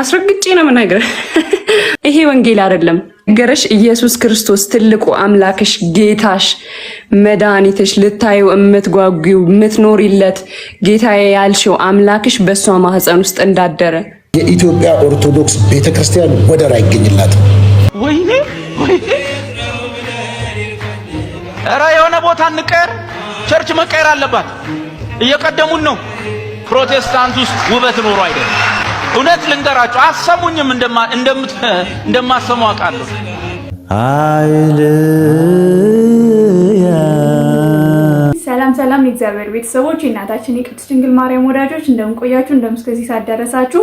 አስረግጬ ነው የምነግርህ። ይሄ ወንጌል አይደለም ገረሽ ኢየሱስ ክርስቶስ ትልቁ አምላክሽ፣ ጌታሽ፣ መድኃኒትሽ፣ ልታዩ የምትጓጉው የምትኖሪለት ጌታዬ ያልሽው አምላክሽ በእሷ ማህፀን ውስጥ እንዳደረ የኢትዮጵያ ኦርቶዶክስ ቤተክርስቲያን ወደር አይገኝላትም። ወይኔ ኧረ የሆነ ቦታ እንቀየር፣ ቸርች መቀየር አለባት። እየቀደሙን ነው። ፕሮቴስታንት ውስጥ ውበት ኖሮ አይደለም እውነት ልንገራችሁ አሰሙኝም እንደማሰሙ አውቃለሁ አይልም ሰላም ሰላም የእግዚአብሔር ቤተሰቦች የእናታችን የቅድስት ድንግል ማርያም ወዳጆች እንደምን ቆያችሁ? እስከዚህ ሳደረሳችሁ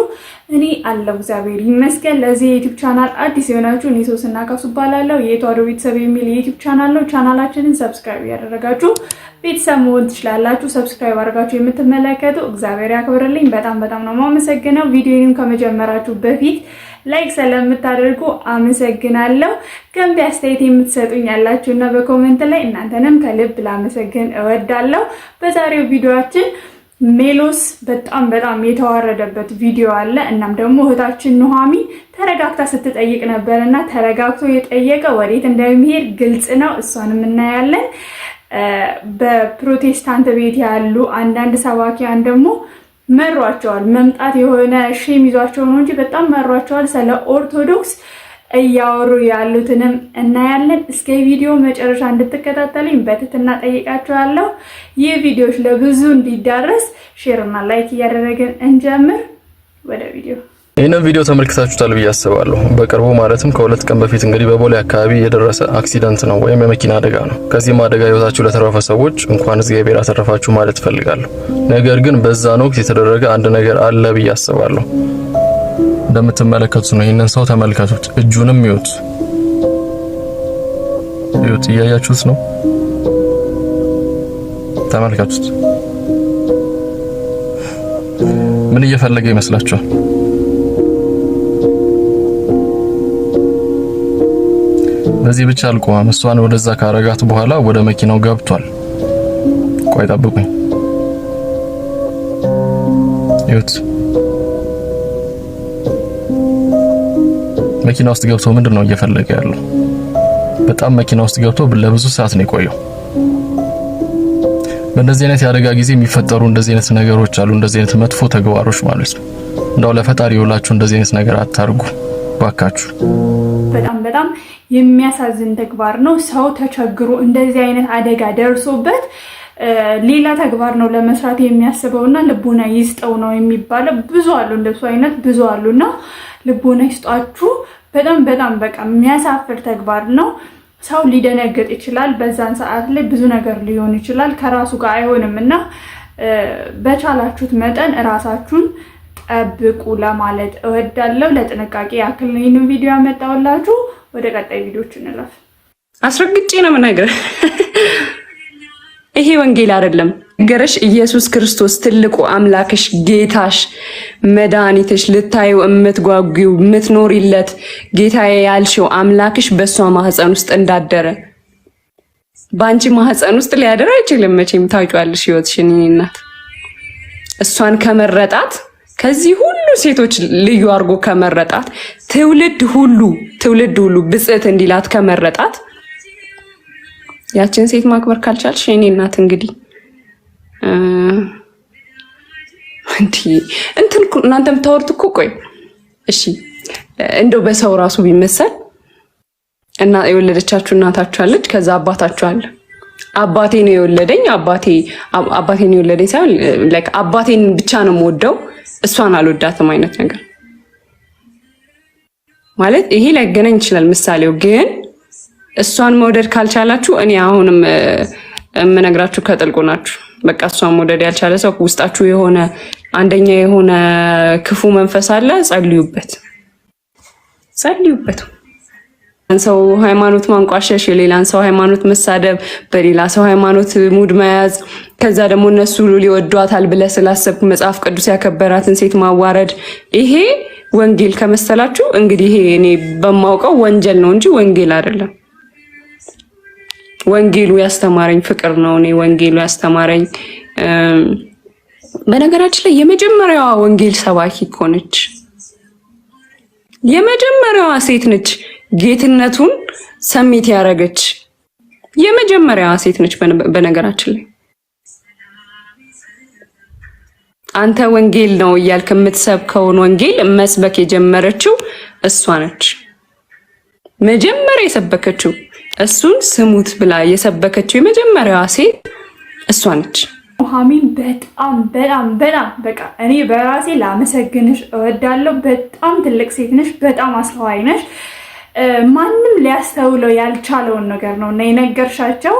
እኔ አለው እግዚአብሔር ይመስገን። ለዚህ የዩቲዩብ ቻናል አዲስ የሆናችሁ እኔ ሶስና ካሱ እባላለሁ። የተዋሕዶ ቤተሰብ የሚል የዩቲዩብ ቻናል ነው። ቻናላችንን ሰብስክራይብ ያደረጋችሁ ቤተሰብ መሆን ትችላላችሁ። ሰብስክራይብ አድርጋችሁ የምትመለከቱ እግዚአብሔር ያክብርልኝ። በጣም በጣም ነው የማመሰግነው። ቪዲዮንም ከመጀመራችሁ በፊት ላይክ ስለምታደርጉ አመሰግናለሁ። ገንቢ አስተያየት የምትሰጡኝ ያላችሁ እና በኮሜንት ላይ እናንተንም ከልብ ላመሰግን እወዳለሁ። በዛሬው ቪዲዮአችን ሜሎስ በጣም በጣም የተዋረደበት ቪዲዮ አለ። እናም ደግሞ እህታችን ኑሐሚን ተረጋግታ ስትጠይቅ ነበር እና ተረጋግቶ የጠየቀ ወዴት እንደሚሄድ ግልጽ ነው። እሷንም እናያለን። በፕሮቴስታንት ቤት ያሉ አንዳንድ ሰባኪያን ደግሞ መሯቸዋል። መምጣት የሆነ ሼም ይዟቸው ነው እንጂ በጣም መሯቸዋል። ስለ ኦርቶዶክስ እያወሩ ያሉትንም እናያለን። እስከ ቪዲዮ መጨረሻ እንድትከታተሉኝ በትህትና ጠይቃችኋለሁ። ይህ ቪዲዮች ለብዙ እንዲዳረስ ሼርና ላይክ እያደረግን እንጀምር። ወደ ቪዲዮ ይህንን ቪዲዮ ተመልክታችሁታል ብዬ አስባለሁ። በቅርቡ ማለትም ከሁለት ቀን በፊት እንግዲህ በቦሌ አካባቢ የደረሰ አክሲደንት ነው ወይም የመኪና አደጋ ነው። ከዚህም አደጋ ህይወታችሁ ለተረፈ ሰዎች እንኳን እግዚአብሔር አተረፋችሁ ማለት እፈልጋለሁ። ነገር ግን በዛን ወቅት የተደረገ አንድ ነገር አለ ብዬ አስባለሁ። እንደምትመለከቱት ነው። ይህንን ሰው ተመልከቱት፣ እጁንም ይዩት፣ ይዩት። እያያችሁት ነው፣ ተመልከቱት። ምን እየፈለገ ይመስላችኋል? በዚህ ብቻ አልቆመም። እሷን ወደዛ ካረጋት በኋላ ወደ መኪናው ገብቷል። ቆይ ጠብቁኝ። ይሁት መኪና ውስጥ ገብቶ ምንድን ነው እየፈለገ ያለው? በጣም መኪና ውስጥ ገብቶ ለብዙ ሰዓት ነው የቆየው። በእንደዚህ አይነት የአደጋ ጊዜ የሚፈጠሩ እንደዚህ አይነት ነገሮች አሉ፣ እንደዚህ አይነት መጥፎ ተግባሮች ማለት ነው። እንደው ለፈጣሪ ይውላችሁ፣ እንደዚህ አይነት ነገር አታርጉ ባካችሁ። በጣም በጣም የሚያሳዝን ተግባር ነው። ሰው ተቸግሮ እንደዚህ አይነት አደጋ ደርሶበት ሌላ ተግባር ነው ለመስራት የሚያስበው እና ልቦና ይስጠው ነው የሚባለው። ብዙ አሉ እንደሱ አይነት ብዙ አሉ እና ልቦና ይስጧችሁ። በጣም በጣም በቃ የሚያሳፍር ተግባር ነው። ሰው ሊደነግጥ ይችላል። በዛን ሰዓት ላይ ብዙ ነገር ሊሆን ይችላል። ከራሱ ጋር አይሆንም እና በቻላችሁት መጠን እራሳችሁን ጠብቁ ለማለት እወዳለሁ። ለጥንቃቄ ያክል ይህንን ቪዲዮ ያመጣውላችሁ። ወደ ቀጣይ ቪዲዮች እንላፍ። አስረግጬ ነው የምነግርህ፣ ይሄ ወንጌል አይደለም። ነገረሽ ኢየሱስ ክርስቶስ ትልቁ አምላክሽ፣ ጌታሽ፣ መድኃኒትሽ፣ ልታዩ የምትጓጉው የምትኖሪለት ጌታዬ ያልሽው አምላክሽ በእሷ ማህፀን ውስጥ እንዳደረ በአንቺ ማህፀን ውስጥ ሊያደር አይችልም። መቼም ታውቂዋለሽ ህይወትሽን። እኔ እናት እሷን ከመረጣት ከዚህ ሁሉ ሴቶች ልዩ አድርጎ ከመረጣት ትውልድ ሁሉ ትውልድ ሁሉ ብጽዕት እንዲላት ከመረጣት ያችን ሴት ማክበር ካልቻልሽ የኔ እናት እንግዲህ እንዲህ እንትን እናንተ የምታወርት እኮ ቆይ፣ እሺ እንደው በሰው ራሱ ቢመሰል እና የወለደቻችሁ እናታችሁ አለች፣ ከዛ አባታችሁ አለ። አባቴ ነው የወለደኝ አባቴ አባቴ ነው የወለደኝ ሳይሆን ላይክ አባቴን ብቻ ነው የምወደው እሷን አልወዳትም አይነት ነገር ማለት ይሄ ሊያገናኝ ይችላል። ምሳሌው ግን እሷን መውደድ ካልቻላችሁ እኔ አሁንም የምነግራችሁ ከጥልቁ ናችሁ። በቃ እሷን መውደድ ያልቻለ ሰው ውስጣችሁ የሆነ አንደኛ የሆነ ክፉ መንፈስ አለ። ጸልዩበት፣ ጸልዩበት። ሰው ሃይማኖት ማንቋሸሽ፣ የሌላን ሰው ሃይማኖት መሳደብ፣ በሌላ ሰው ሃይማኖት ሙድ መያዝ፣ ከዛ ደግሞ እነሱ ሊወዷታል ብለህ ስላሰብክ መጽሐፍ ቅዱስ ያከበራትን ሴት ማዋረድ፣ ይሄ ወንጌል ከመሰላችሁ እንግዲህ ይሄ እኔ በማውቀው ወንጀል ነው እንጂ ወንጌል አይደለም። ወንጌሉ ያስተማረኝ ፍቅር ነው። እኔ ወንጌሉ ያስተማረኝ በነገራችን ላይ የመጀመሪያዋ ወንጌል ሰባኪ እኮ ነች። የመጀመሪያዋ ሴት ነች። ጌትነቱን ሰሚት ያደረገች የመጀመሪያ ሴት ነች። በነገራችን ላይ አንተ ወንጌል ነው እያልክ የምትሰብከውን ወንጌል መስበክ የጀመረችው እሷ ነች። መጀመሪያ የሰበከችው እሱን ስሙት ብላ የሰበከችው የመጀመሪያዋ ሴት እሷ ነች። ኑሐሚን በጣም በጣም በጣም በቃ እኔ በራሴ ላመሰግንሽ እወዳለሁ። በጣም ትልቅ ሴት ነሽ። በጣም አስተዋይ ነሽ። ማንም ሊያስተውለው ያልቻለውን ነገር ነው እና የነገርሻቸው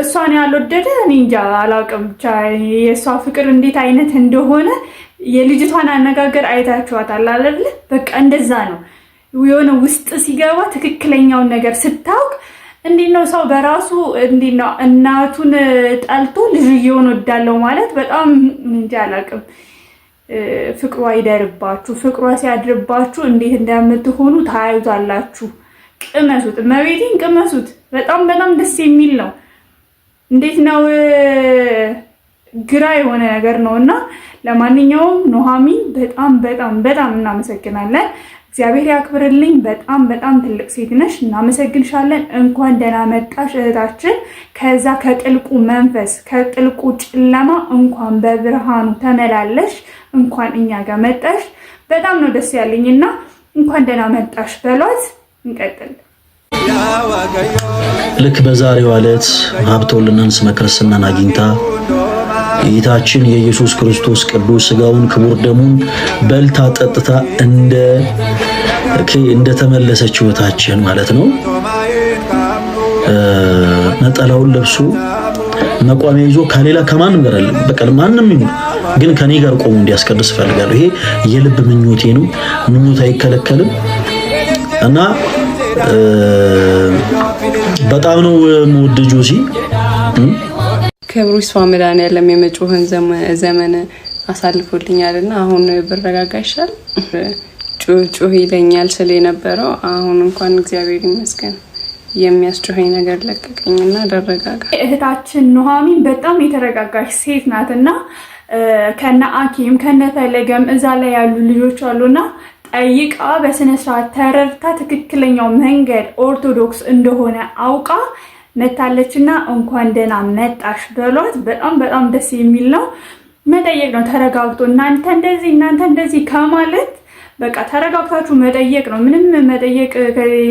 እሷን ያልወደደ እኔ እንጃ አላውቅም። ብቻ የእሷ ፍቅር እንዴት አይነት እንደሆነ የልጅቷን አነጋገር አይታችኋታል አይደለ? በቃ እንደዛ ነው። የሆነ ውስጥ ሲገባ ትክክለኛውን ነገር ስታውቅ እንዴት ነው ሰው በራሱ እንዴት ነው እናቱን ጠልቶ ልጅየውን ወዳለው ማለት በጣም እንጃ አላውቅም። ፍቅሯ ይደርባችሁ። ፍቅሯ ሲያድርባችሁ እንዴት እንደምትሆኑ ታያዩታላችሁ። ቅመሱት፣ እመቤቴን ቅመሱት። በጣም በጣም ደስ የሚል ነው። እንዴት ነው ግራ የሆነ ነገር ነው እና ለማንኛውም ኖሃሚ በጣም በጣም በጣም እናመሰግናለን። እግዚአብሔር ያክብርልኝ። በጣም በጣም ትልቅ ሴት ነሽ፣ እናመሰግንሻለን። እንኳን ደህና መጣሽ እህታችን። ከዛ ከጥልቁ መንፈስ ከጥልቁ ጨለማ እንኳን በብርሃኑ ተመላለሽ። እንኳን እኛ ጋር መጣሽ፣ በጣም ነው ደስ ያለኝ እና እንኳን ደህና መጣሽ በሏት። እንቀጥል። ልክ በዛሬው ዕለት ሀብተወልድን ስመ ክርስትናን አግኝታ ጌታችን የኢየሱስ ክርስቶስ ቅዱስ ስጋውን ክቡር ደሙን በልታ ጠጥታ እንደ እንደተመለሰች ሕይወታችን ማለት ነው ነጠላውን ለብሶ መቋሚያ ይዞ ከሌላ ከማንም ጋር አለ በቀል ማንም ይሁን ግን ከኔ ጋር ቆሞ እንዲያስቀድስ እፈልጋለሁ። ይሄ የልብ ምኞቴ ነው። ምኞት አይከለከልም እና በጣም ነው የምወድ ጆሲ። ክብሩ መዳን መድኃኒዓለም የመጪውን ዘመን አሳልፎልኛል እና አሁን ብረጋጋ ይሻል ጩህ ይለኛል ስል የነበረው አሁን እንኳን እግዚአብሔር ይመስገን የሚያስጮኸኝ ነገር ለቀቀኝና ደረጋጋ። እህታችን ኑሐሚን በጣም የተረጋጋች ሴት ናት እና ከነ አኪም ከነ ፈለገም እዛ ላይ ያሉ ልጆች አሉና ጠይቃ በስነስርዓት ተረድታ ትክክለኛው መንገድ ኦርቶዶክስ እንደሆነ አውቃ መታለች እና እንኳን ደህና መጣሽ በሏት። በጣም በጣም ደስ የሚል ነው። መጠየቅ ነው ተረጋግጦ እናንተ እንደዚህ እናንተ እንደዚህ ከማለት በቃ ተረጋግታችሁ መጠየቅ ነው። ምንም መጠየቅ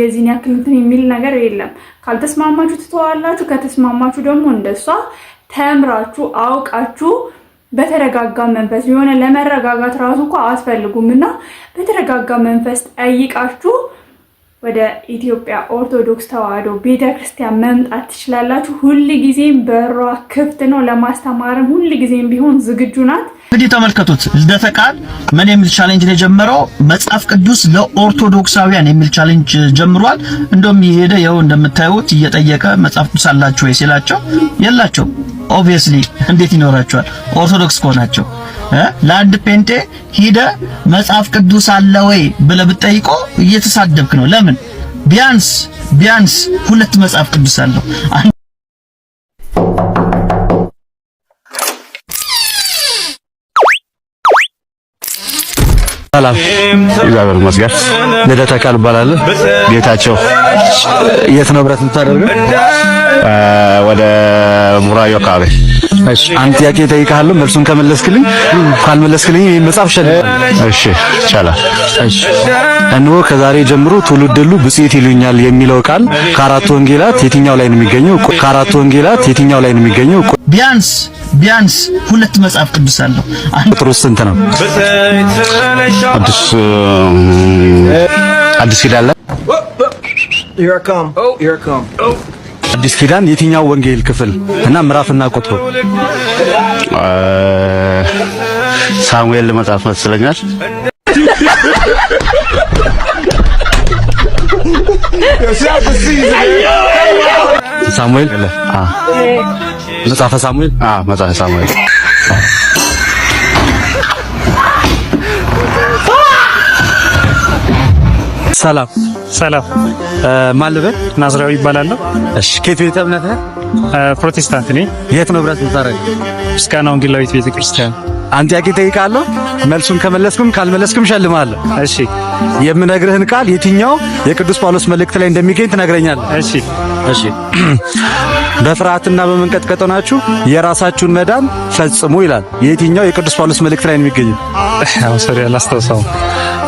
የዚህን ያክል እንትን የሚል ነገር የለም። ካልተስማማችሁ ትተዋላችሁ። ከተስማማችሁ ደግሞ እንደሷ ተምራችሁ አውቃችሁ በተረጋጋ መንፈስ የሆነ ለመረጋጋት ራሱ እኮ አትፈልጉም እና በተረጋጋ መንፈስ ጠይቃችሁ ወደ ኢትዮጵያ ኦርቶዶክስ ተዋህዶ ቤተክርስቲያን መምጣት ትችላላችሁ። ጊዜም በሯ ክፍት ነው ለማስተማርም ጊዜም ቢሆን ዝግጁ ናት። እንግዲህ ተመልከቱት ልደተ ቃል ምን የሚል ቻሌንጅ ነው የጀመረው? መጽሐፍ ቅዱስ ለኦርቶዶክሳውያን የሚል ቻሌንጅ ጀምሯል። እንደውም የሄደ ይኸው እንደምታዩት እየጠየቀ መጽሐፍ ቅዱስ አላቸው ወይ ሲላቸው የላቸው። ኦብቪየስሊ እንዴት ይኖራቸዋል ኦርቶዶክስ ከሆናቸው ለአንድ ፔንቴ ሂደ መጽሐፍ ቅዱስ አለ ወይ ብለህ ብትጠይቀው እየተሳደብክ ነው። ለምን ቢያንስ ቢያንስ ሁለት መጽሐፍ ቅዱስ አለው። ሰላም እግዚአብሔር ይመስገን። ልደታ ቃል እባላለሁ። ጌታቸው የት ነው ብረት የምታደርገው? ወደ ሙራዮ አካባቢ። እሺ አንድ ጥያቄ እጠይቅሃለሁ፣ መልሱን ከመለስክልኝ። ካልመለስክልኝ መጽሐፍ ሸል። እሺ ይቻላል። እሺ እነሆ ከዛሬ ጀምሮ ትውልድ ሁሉ ብጽዕት ይሉኛል የሚለው ቃል ከአራቱ ወንጌላት የትኛው ላይ ነው የሚገኘው? ከአራቱ ወንጌላት የትኛው ላይ ነው የሚገኘው? ቢያንስ ቢያንስ ሁለት መጽሐፍ ቅዱስ አለው። አንድ ጴጥሮስ ስንት ነው? አዲስ አዲስ ኪዳን oh, oh. አዲስ ኪዳን የትኛው ወንጌል ክፍል እና ምዕራፍና ቁጥሩ? ሳሙኤል መጽሐፍ መስለኛል። ሳሙኤል መጽሐፈ ሳሙኤል? መጽሐፈ ሳሙኤል ሰላም ሰላም፣ ማን ልበል? ናዝራዊ ይባላለሁ። እሺ፣ ከየት ቤተ እምነት ፕሮቴስታንት ነኝ። የት ነው ብረት የምታደርገው? ምስጋና ወንጌላዊት ቤተ ክርስቲያን። አንድ ጥያቄ ጠይቃለሁ። መልሱን ከመለስኩም ካልመለስኩም እሸልምሃለሁ። እሺ፣ የምነግርህን ቃል የትኛው የቅዱስ ጳውሎስ መልእክት ላይ እንደሚገኝ ትነግረኛለህ። እሺ፣ እሺ። በፍርሃትና በመንቀጥቀጥ ሆናችሁ የራሳችሁን መዳን ፈጽሙ ይላል። የትኛው የቅዱስ ጳውሎስ መልእክት ላይ ነው የሚገኘው? አዎ፣ ሶሪ አላስታውሰውም።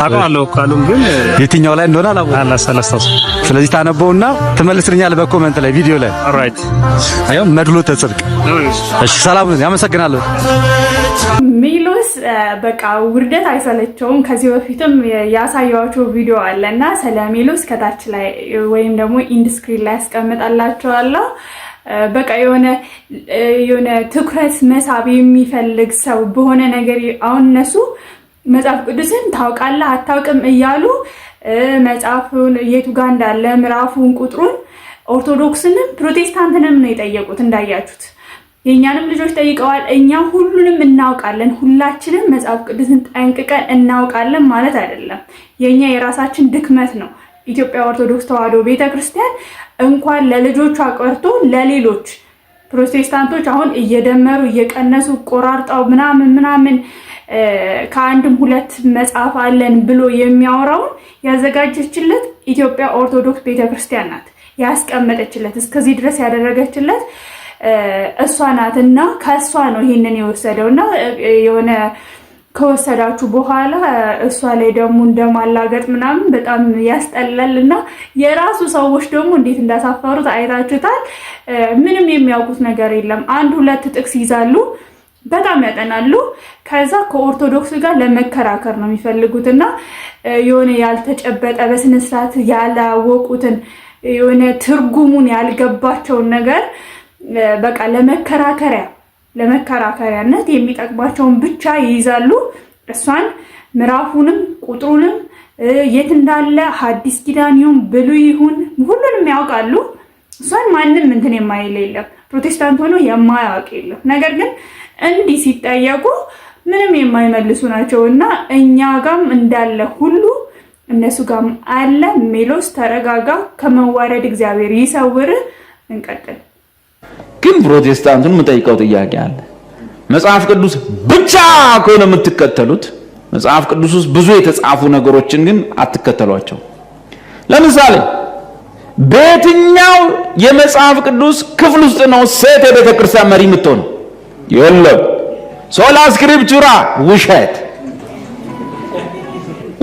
አውቀዋለሁ እኮ ግን የትኛው ላይ እንደሆነ አላወኩም። ስለዚህ ታነበውና ትመልስልኛለህ በኮመንት ላይ ቪዲዮ ላይ ኦልራይት። አየው መድሎተ ጽድቅ። እሺ ሰላም፣ ያመሰግናለሁ። ሜሎስ በቃ ውርደት አይሰለቸውም። ከዚህ በፊትም ያሳየዋቸው ቪዲዮ አለና ስለ ሜሎስ ከታች ላይ ወይም ደግሞ ኢንድ ላይ ያስቀምጣላችኋለሁ። በቃ የሆነ የሆነ ትኩረት መሳብ የሚፈልግ ሰው በሆነ ነገር አሁን እነሱ መጽሐፍ ቅዱስን ታውቃለህ አታውቅም እያሉ መጽሐፉን የቱ ጋር እንዳለ ምዕራፉን፣ ቁጥሩን ኦርቶዶክስንም ፕሮቴስታንትንም ነው የጠየቁት እንዳያችሁት። የእኛንም ልጆች ጠይቀዋል። እኛ ሁሉንም እናውቃለን፣ ሁላችንም መጽሐፍ ቅዱስን ጠንቅቀን እናውቃለን ማለት አይደለም። የእኛ የራሳችን ድክመት ነው። ኢትዮጵያ ኦርቶዶክስ ተዋሕዶ ቤተክርስቲያን እንኳን ለልጆቿ ቀርቶ ለሌሎች ፕሮቴስታንቶች አሁን እየደመሩ እየቀነሱ ቆራርጠው ምናምን ምናምን ከአንድም ሁለት መጽሐፍ አለን ብሎ የሚያወራውን ያዘጋጀችለት ኢትዮጵያ ኦርቶዶክስ ቤተክርስቲያን ናት። ያስቀመጠችለት እስከዚህ ድረስ ያደረገችለት እሷ ናት እና ከእሷ ነው ይህንን የወሰደው እና የሆነ ከወሰዳችሁ በኋላ እሷ ላይ ደግሞ እንደማላገጥ ምናምን በጣም ያስጠላል። እና የራሱ ሰዎች ደግሞ እንዴት እንዳሳፈሩት አይታችሁታል። ምንም የሚያውቁት ነገር የለም። አንድ ሁለት ጥቅስ ይዛሉ፣ በጣም ያጠናሉ። ከዛ ከኦርቶዶክስ ጋር ለመከራከር ነው የሚፈልጉት እና የሆነ ያልተጨበጠ በስነስርዓት ያላወቁትን የሆነ ትርጉሙን ያልገባቸውን ነገር በቃ ለመከራከሪያ ለመከራከሪያነት የሚጠቅማቸውን ብቻ ይይዛሉ። እሷን ምዕራፉንም ቁጥሩንም የት እንዳለ ሐዲስ ኪዳን ይሁን ብሉይ ይሁን ሁሉንም ያውቃሉ። እሷን ማንም እንትን የማይል የለም፣ ፕሮቴስታንት ሆኖ የማያውቅ የለም። ነገር ግን እንዲህ ሲጠየቁ ምንም የማይመልሱ ናቸው እና እኛ ጋም እንዳለ ሁሉ እነሱ ጋም አለ። ሜሎስ ተረጋጋ፣ ከመዋረድ እግዚአብሔር ይሰውር። እንቀጥል። ግን ፕሮቴስታንቱን የምጠይቀው ጥያቄ አለ። መጽሐፍ ቅዱስ ብቻ ከሆነ የምትከተሉት መጽሐፍ ቅዱስ ውስጥ ብዙ የተጻፉ ነገሮችን ግን አትከተሏቸው። ለምሳሌ በየትኛው የመጽሐፍ ቅዱስ ክፍል ውስጥ ነው ሴት የቤተ ክርስቲያን መሪ የምትሆነው? የለም። ሶላ ውሸት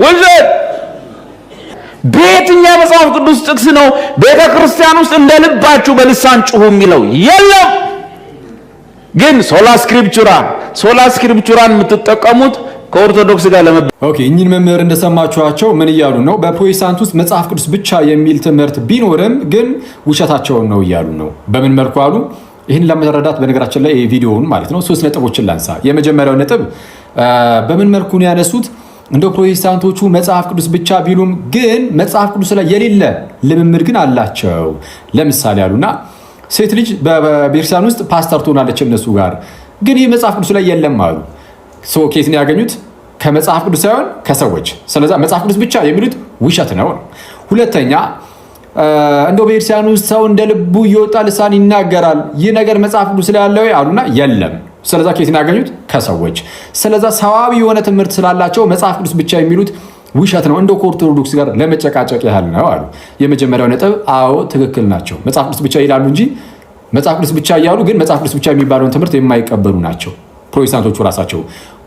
ውሸት ቤትኛ መጽሐፍ ቅዱስ ጥቅስ ነው ቤተ ክርስቲያን ውስጥ እንደ ልባችሁ በልሳን ጩሁ የሚለው? የለም። ግን ሶላ ስክሪፕቹራ ሶላ ስክሪፕቹራን የምትጠቀሙት ከኦርቶዶክስ ጋር ለመ ኦኬ። እኚህን መምህር እንደሰማችኋቸው ምን እያሉ ነው? በፕሮቴስታንት ውስጥ መጽሐፍ ቅዱስ ብቻ የሚል ትምህርት ቢኖርም ግን ውሸታቸውን ነው እያሉ ነው። በምን መልኩ አሉ? ይህን ለመረዳት በነገራችን ላይ ቪዲዮውን ማለት ነው ሶስት ነጥቦችን ላንሳ። የመጀመሪያው ነጥብ በምን መልኩ ነው ያነሱት? እንደ ፕሮቴስታንቶቹ መጽሐፍ ቅዱስ ብቻ ቢሉም ግን መጽሐፍ ቅዱስ ላይ የሌለ ልምምድ ግን አላቸው። ለምሳሌ አሉና ሴት ልጅ በቤተክርስቲያን ውስጥ ፓስተር ትሆናለች እነሱ ጋር ግን ይህ መጽሐፍ ቅዱስ ላይ የለም አሉ። ከየት ያገኙት? ከመጽሐፍ ቅዱስ ሳይሆን ከሰዎች። ስለዚ መጽሐፍ ቅዱስ ብቻ የሚሉት ውሸት ነው። ሁለተኛ እንደ ቤተክርስቲያን ውስጥ ሰው እንደ ልቡ እየወጣ ልሳን ይናገራል። ይህ ነገር መጽሐፍ ቅዱስ ላይ ያለው አሉና የለም ስለዛ ከየት ነው ያገኙት? ከሰዎች። ስለዛ ሰዋቢ የሆነ ትምህርት ስላላቸው መጽሐፍ ቅዱስ ብቻ የሚሉት ውሸት ነው፣ እንደ ከኦርቶዶክስ ጋር ለመጨቃጨቅ ያህል ነው አሉ። የመጀመሪያው ነጥብ አዎ ትክክል ናቸው። መጽሐፍ ቅዱስ ብቻ ይላሉ እንጂ መጽሐፍ ቅዱስ ብቻ እያሉ ግን መጽሐፍ ቅዱስ ብቻ የሚባለውን ትምህርት የማይቀበሉ ናቸው ፕሮቴስታንቶቹ ራሳቸው።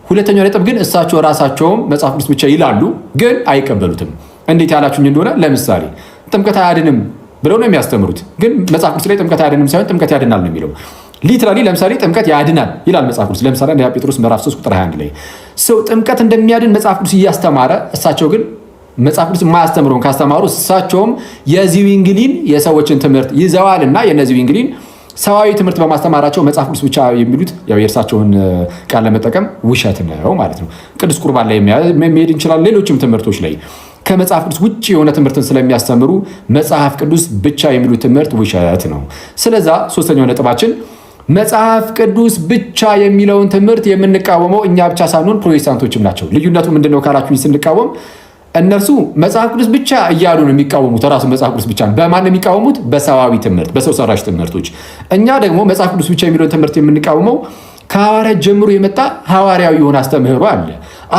ሁለተኛው ነጥብ ግን እሳቸው ራሳቸውም መጽሐፍ ቅዱስ ብቻ ይላሉ፣ ግን አይቀበሉትም። እንዴት ያላችሁኝ እንደሆነ ለምሳሌ ጥምቀት አያድንም ብለው ነው የሚያስተምሩት፣ ግን መጽሐፍ ቅዱስ ላይ ጥምቀት አያድንም ሳይሆን ጥምቀት ያድናል ነው የሚለው ሊትራሊ ለምሳሌ ጥምቀት ያድናል ይላል መጽሐፍ ቅዱስ። ለምሳሌ አንደኛ ጴጥሮስ ምዕራፍ 3 ቁጥር 21 ላይ ሰው ጥምቀት እንደሚያድን መጽሐፍ ቅዱስ እያስተማረ እሳቸው ግን መጽሐፍ ቅዱስ የማያስተምረውን ካስተማሩ እሳቸውም የዚዊንግሊን የሰዎችን ትምህርት ይዘዋል እና የእነዚህ ዊንግሊን ሰዋዊ ትምህርት በማስተማራቸው መጽሐፍ ቅዱስ ብቻ የሚሉት ያው የእርሳቸውን ቃል ለመጠቀም ውሸት ነው ማለት ነው። ቅዱስ ቁርባን ላይ መሄድ እንችላለን። ሌሎችም ትምህርቶች ላይ ከመጽሐፍ ቅዱስ ውጭ የሆነ ትምህርትን ስለሚያስተምሩ መጽሐፍ ቅዱስ ብቻ የሚሉት ትምህርት ውሸት ነው። ስለዛ ሶስተኛው ነጥባችን መጽሐፍ ቅዱስ ብቻ የሚለውን ትምህርት የምንቃወመው እኛ ብቻ ሳንሆን ፕሮቴስታንቶችም ናቸው። ልዩነቱ ምንድነው ካላችሁ ስንቃወም እነርሱ መጽሐፍ ቅዱስ ብቻ እያሉ ነው የሚቃወሙት። ራሱ መጽሐፍ ቅዱስ ብቻ በማን የሚቃወሙት? በሰዋዊ ትምህርት፣ በሰው ሰራሽ ትምህርቶች። እኛ ደግሞ መጽሐፍ ቅዱስ ብቻ የሚለውን ትምህርት የምንቃወመው ከሐዋርያት ጀምሮ የመጣ ሐዋርያዊ የሆነ አስተምህሮ አለ።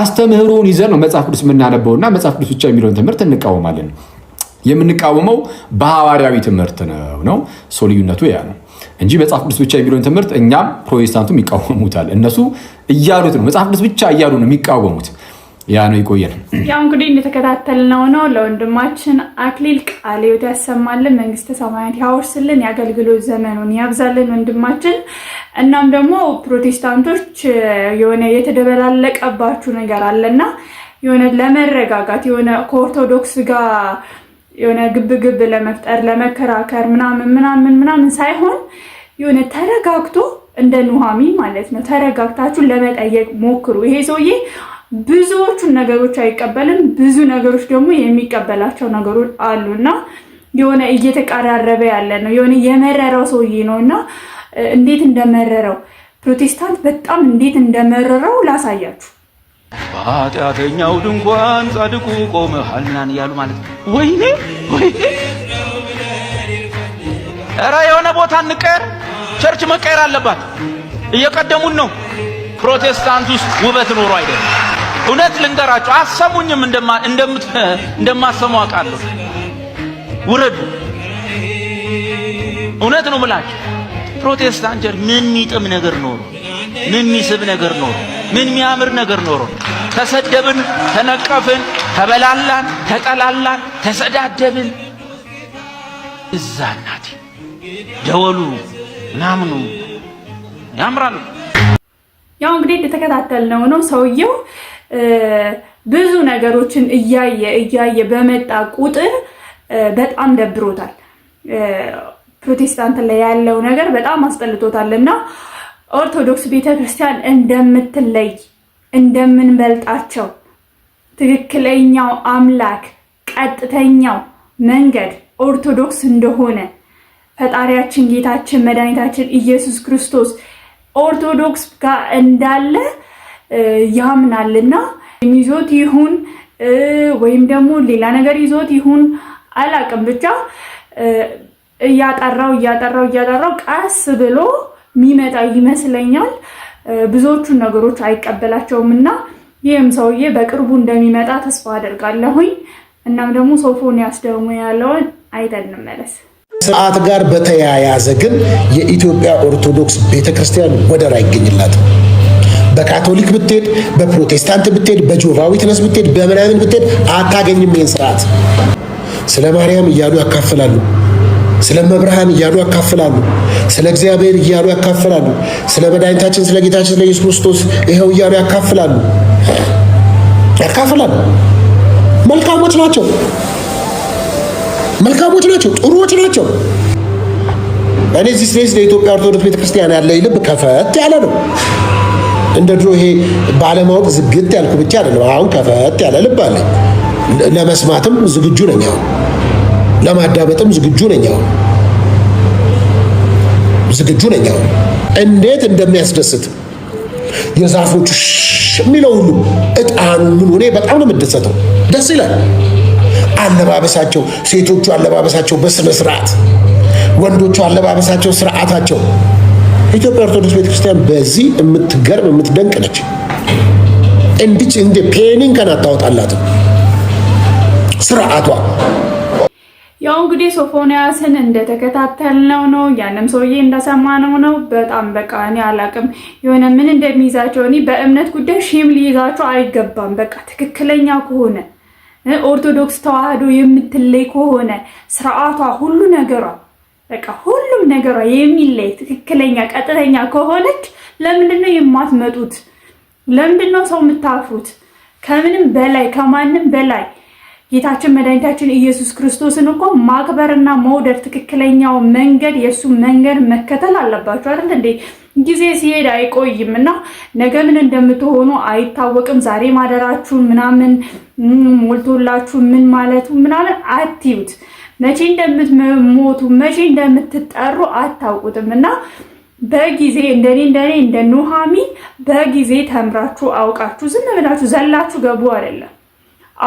አስተምህሮውን ይዘን ነው መጽሐፍ ቅዱስ የምናነበውና መጽሐፍ ቅዱስ ብቻ የሚለውን ትምህርት እንቃወማለን። የምንቃወመው በሐዋርያዊ ትምህርት ነው ነው። ልዩነቱ ያ ነው። እንጂ መጽሐፍ ቅዱስ ብቻ የሚለውን ትምህርት እኛም ፕሮቴስታንቱም ይቃወሙታል። እነሱ እያሉት ነው፣ መጽሐፍ ቅዱስ ብቻ እያሉ ነው የሚቃወሙት። ያ ነው ይቆየን። ያው እንግዲህ እንደተከታተልነው ነው። ለወንድማችን አክሊል ቃለ ሕይወት ያሰማልን፣ መንግስተ ሰማያት ያወርስልን፣ የአገልግሎት ዘመኑን ያብዛልን ወንድማችን። እናም ደግሞ ፕሮቴስታንቶች የሆነ የተደበላለቀባችሁ ነገር አለና የሆነ ለመረጋጋት የሆነ ከኦርቶዶክስ ጋር የሆነ ግብግብ ለመፍጠር ለመከራከር ምናምን ምናምን ምናምን ሳይሆን የሆነ ተረጋግቶ እንደ ኑሃሚ ማለት ነው ተረጋግታችሁን ለመጠየቅ ሞክሩ። ይሄ ሰውዬ ብዙዎቹን ነገሮች አይቀበልም፣ ብዙ ነገሮች ደግሞ የሚቀበላቸው ነገሮች አሉና የሆነ እየተቀራረበ ያለ ነው። የሆነ የመረረው ሰውዬ ነው እና እንዴት እንደመረረው ፕሮቴስታንት በጣም እንዴት እንደመረረው ላሳያችሁ። በኃጢአተኛው ድንኳን ጻድቁ ቆመሃል ምናምን እያሉ ማለት ነው። ወይኔ ወይኔ ራ የሆነ ቦታ እንቀየር፣ ቸርች መቀየር አለባት። እየቀደሙን ነው። ፕሮቴስታንት ውስጥ ውበት ኖሮ አይደለም። እውነት ልንገራችሁ፣ አሰሙኝም እንደማሰሙ አውቃለሁ። ውረዱ። እውነት ነው ምላችሁ። ፕሮቴስታንት ቸርች ምን የሚጥም ነገር ኖሮ፣ ምን የሚስብ ነገር ኖሮ፣ ምን የሚያምር ነገር ኖሮ ተሰደብን፣ ተነቀፍን፣ ተበላላን፣ ተጠላላን፣ ተሰዳደብን እዛና ደወሉ ምናምኑ ያምራሉ። ያው እንግዲህ እንደተከታተልነው ነው ሰውየው ብዙ ነገሮችን እያየ እያየ በመጣ ቁጥር በጣም ደብሮታል። ፕሮቴስታንት ላይ ያለው ነገር በጣም አስጠልቶታል እና ኦርቶዶክስ ቤተክርስቲያን እንደምትለይ እንደምንበልጣቸው ትክክለኛው አምላክ ቀጥተኛው መንገድ ኦርቶዶክስ እንደሆነ ፈጣሪያችን ጌታችን መድኃኒታችን ኢየሱስ ክርስቶስ ኦርቶዶክስ ጋር እንዳለ ያምናልና ይዞት ይሁን ወይም ደግሞ ሌላ ነገር ይዞት ይሁን አላቅም፣ ብቻ እያጠራው እያጠራው እያጠራው ቀስ ብሎ የሚመጣ ይመስለኛል። ብዙዎቹን ነገሮች አይቀበላቸውም እና ይህም ሰውዬ በቅርቡ እንደሚመጣ ተስፋ አደርጋለሁኝ። እናም ደግሞ ሶፎን ደግሞ ያለውን አይተን እንመለስ። ስርዓት ጋር በተያያዘ ግን የኢትዮጵያ ኦርቶዶክስ ቤተክርስቲያን ወደር አይገኝላትም። በካቶሊክ ብትሄድ፣ በፕሮቴስታንት ብትሄድ፣ በጆቫ ዊትነስ ብትሄድ፣ በምናምን ብትሄድ አታገኝም ይህን ስርዓት። ስለ ማርያም እያሉ ያካፍላሉ። ስለ መብርሃን እያሉ ያካፍላሉ። ስለ እግዚአብሔር እያሉ ያካፍላሉ። ስለ መድኃኒታችን ስለ ጌታችን ስለ ኢየሱስ ክርስቶስ ይኸው እያሉ ያካፍላሉ ያካፍላሉ። መልካሞች ናቸው። መልካሞች ናቸው፣ ጥሩዎች ናቸው። እኔ እዚህ ስሬስ ለኢትዮጵያ ኦርቶዶክስ ቤተክርስቲያን ያለ ልብ ከፈት ያለ ነው። እንደ ድሮ ይሄ ባለማወቅ ዝግት ያልኩ ብቻ አይደለም። አሁን ከፈት ያለ ልብ አለ። ለመስማትም ዝግጁ ነኝ አሁን፣ ለማዳመጥም ዝግጁ ነኝ አሁን፣ ዝግጁ ነኝ አሁን። እንዴት እንደሚያስደስት የዛፎቹ የሚለው ሁሉ እጣኑ ምን ሆኔ በጣም ነው የምደሰተው። ደስ ይላል። አለባበሳቸው፣ ሴቶቹ አለባበሳቸው በስነ ስርዓት፣ ወንዶቹ አለባበሳቸው፣ ስርዓታቸው ኢትዮጵያ ኦርቶዶክስ ቤተክርስቲያን በዚህ የምትገርም የምትደንቅ ነች። እንዲች እንደ ፔኒን ቀን አታወጣላትም ስርዓቷ። ያው እንግዲህ ሶፎንያስን እንደተከታተልነው ነው፣ ያንም ሰውዬ እንደሰማነው ነው። በጣም በቃ እኔ አላቅም የሆነ ምን እንደሚይዛቸው እኔ በእምነት ጉዳይ ሺም ሊይዛቸው አይገባም። በቃ ትክክለኛ ከሆነ ኦርቶዶክስ ተዋህዶ የምትለይ ከሆነ ስርዓቷ፣ ሁሉ ነገሯ በቃ ሁሉም ነገሯ የሚለይ ትክክለኛ ቀጥተኛ ከሆነች ለምንድነው የማትመጡት? ለምንድነው ሰው የምታፍሩት? ከምንም በላይ ከማንም በላይ ጌታችን መድኃኒታችን ኢየሱስ ክርስቶስን እኮ ማክበርና መውደድ ትክክለኛው መንገድ የእሱ መንገድ መከተል አለባችሁ አይደል እንዴ? ጊዜ ሲሄድ አይቆይም እና ነገ ምን እንደምትሆኑ አይታወቅም። ዛሬ ማደራችሁ ምናምን ሞልቶላችሁ ምን ማለቱ ምናምን አትዩት። መቼ እንደምትሞቱ መቼ እንደምትጠሩ አታውቁትም እና በጊዜ እንደኔ እንደኔ እንደ ኑሃሚን በጊዜ ተምራችሁ አውቃችሁ ዝም ብላችሁ ዘላችሁ ገቡ አይደለም።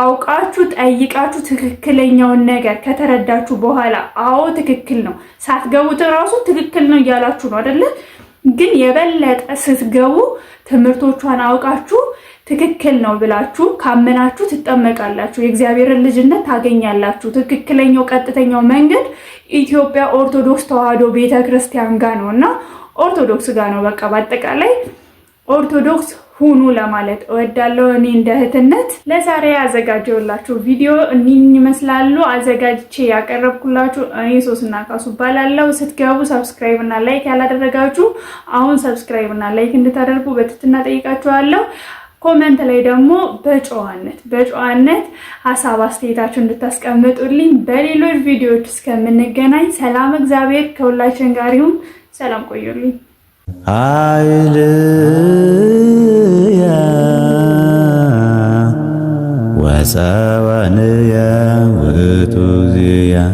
አውቃችሁ ጠይቃችሁ ትክክለኛውን ነገር ከተረዳችሁ በኋላ አዎ ትክክል ነው ሳትገቡት እራሱ ትክክል ነው እያላችሁ ነው አይደለ ግን የበለጠ ስትገቡ ትምህርቶቿን አውቃችሁ ትክክል ነው ብላችሁ ካመናችሁ ትጠመቃላችሁ፣ የእግዚአብሔርን ልጅነት ታገኛላችሁ። ትክክለኛው ቀጥተኛው መንገድ ኢትዮጵያ ኦርቶዶክስ ተዋህዶ ቤተክርስቲያን ጋር ነው እና ኦርቶዶክስ ጋር ነው በቃ በአጠቃላይ ኦርቶዶክስ ሁኑ ለማለት እወዳለሁ። እኔ እንደ እህትነት ለዛሬ ያዘጋጀውላችሁ ቪዲዮ እኒህን ይመስላሉ። አዘጋጅቼ ያቀረብኩላችሁ እኔ ሶስና ካሱ እባላለሁ። ስትገቡ ሰብስክራይብ እና ላይክ ያላደረጋችሁ አሁን ሰብስክራይብ እና ላይክ እንድታደርጉ በትህትና ጠይቃችኋለሁ። ኮመንት ላይ ደግሞ በጨዋነት በጨዋነት ሀሳብ አስተያየታችሁ እንድታስቀምጡልኝ። በሌሎች ቪዲዮዎች እስከምንገናኝ ሰላም፣ እግዚአብሔር ከሁላችን ጋር ይሁን። ሰላም ቆዩልኝ። ኃይልየ ወሰብአንየ ውእቱ ዚየ